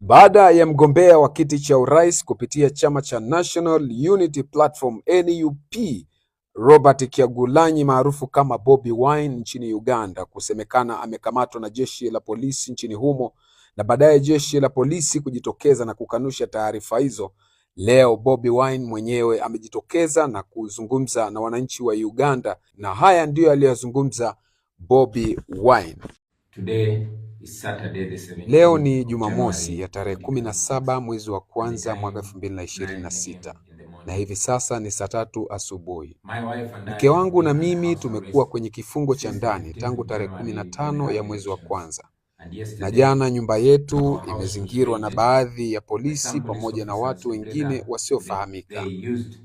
Baada ya mgombea wa kiti cha urais kupitia chama cha National Unity Platform NUP Robert Kyagulanyi maarufu kama Bobi Wine nchini Uganda kusemekana amekamatwa na jeshi la polisi nchini humo na baadaye jeshi la polisi kujitokeza na kukanusha taarifa hizo. Leo Bobi Wine mwenyewe amejitokeza na kuzungumza na wananchi wa Uganda, na haya ndiyo aliyozungumza Bobi Wine. Today Leo ni Jumamosi ya tarehe 17 mwezi wa kwanza mwaka 2026 na hivi sasa ni saa tatu asubuhi. Mke wangu na mimi tumekuwa kwenye kifungo cha ndani tangu tarehe 15 ya mwezi wa kwanza, na jana nyumba yetu imezingirwa na baadhi ya polisi pamoja na watu wengine wasiofahamika.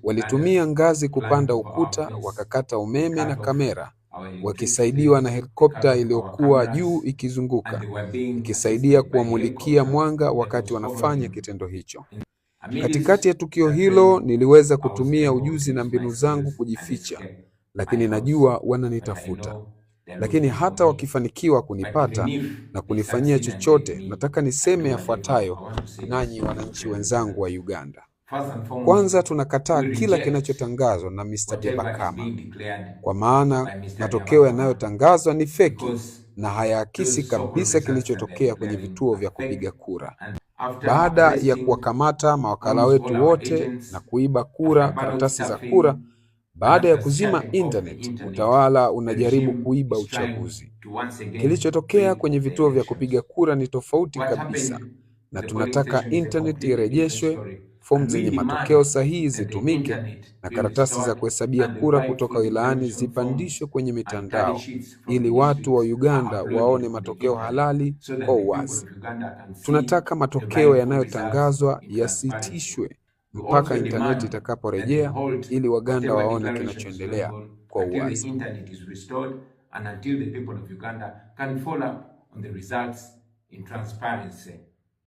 Walitumia ngazi kupanda ukuta, wakakata umeme na kamera wakisaidiwa na helikopta iliyokuwa juu ikizunguka ikisaidia kuwamulikia mwanga wakati wanafanya kitendo hicho. Katikati ya tukio hilo, niliweza kutumia ujuzi na mbinu zangu kujificha, lakini najua wananitafuta. Lakini hata wakifanikiwa kunipata na kunifanyia chochote, nataka niseme yafuatayo, nanyi wananchi wenzangu wa Uganda. Kwanza tunakataa kila kinachotangazwa na Mr. Debakama kwa maana matokeo yanayotangazwa ni feki na hayaakisi kabisa kilichotokea kwenye vituo vya kupiga kura. Baada ya kuwakamata mawakala wetu wote na kuiba kura, karatasi za kura, baada ya kuzima internet, utawala unajaribu kuiba uchaguzi. Kilichotokea kwenye vituo vya kupiga kura ni tofauti kabisa, na tunataka internet irejeshwe fomu zenye matokeo sahihi zitumike na karatasi za kuhesabia kura kutoka wilayani zipandishwe kwenye mitandao ili watu wa Uganda waone matokeo halali kwa uwazi. Tunataka matokeo yanayotangazwa yasitishwe mpaka intaneti itakaporejea ili Waganda waone kinachoendelea kwa uwazi. and until the people of Uganda can follow on the results in transparency.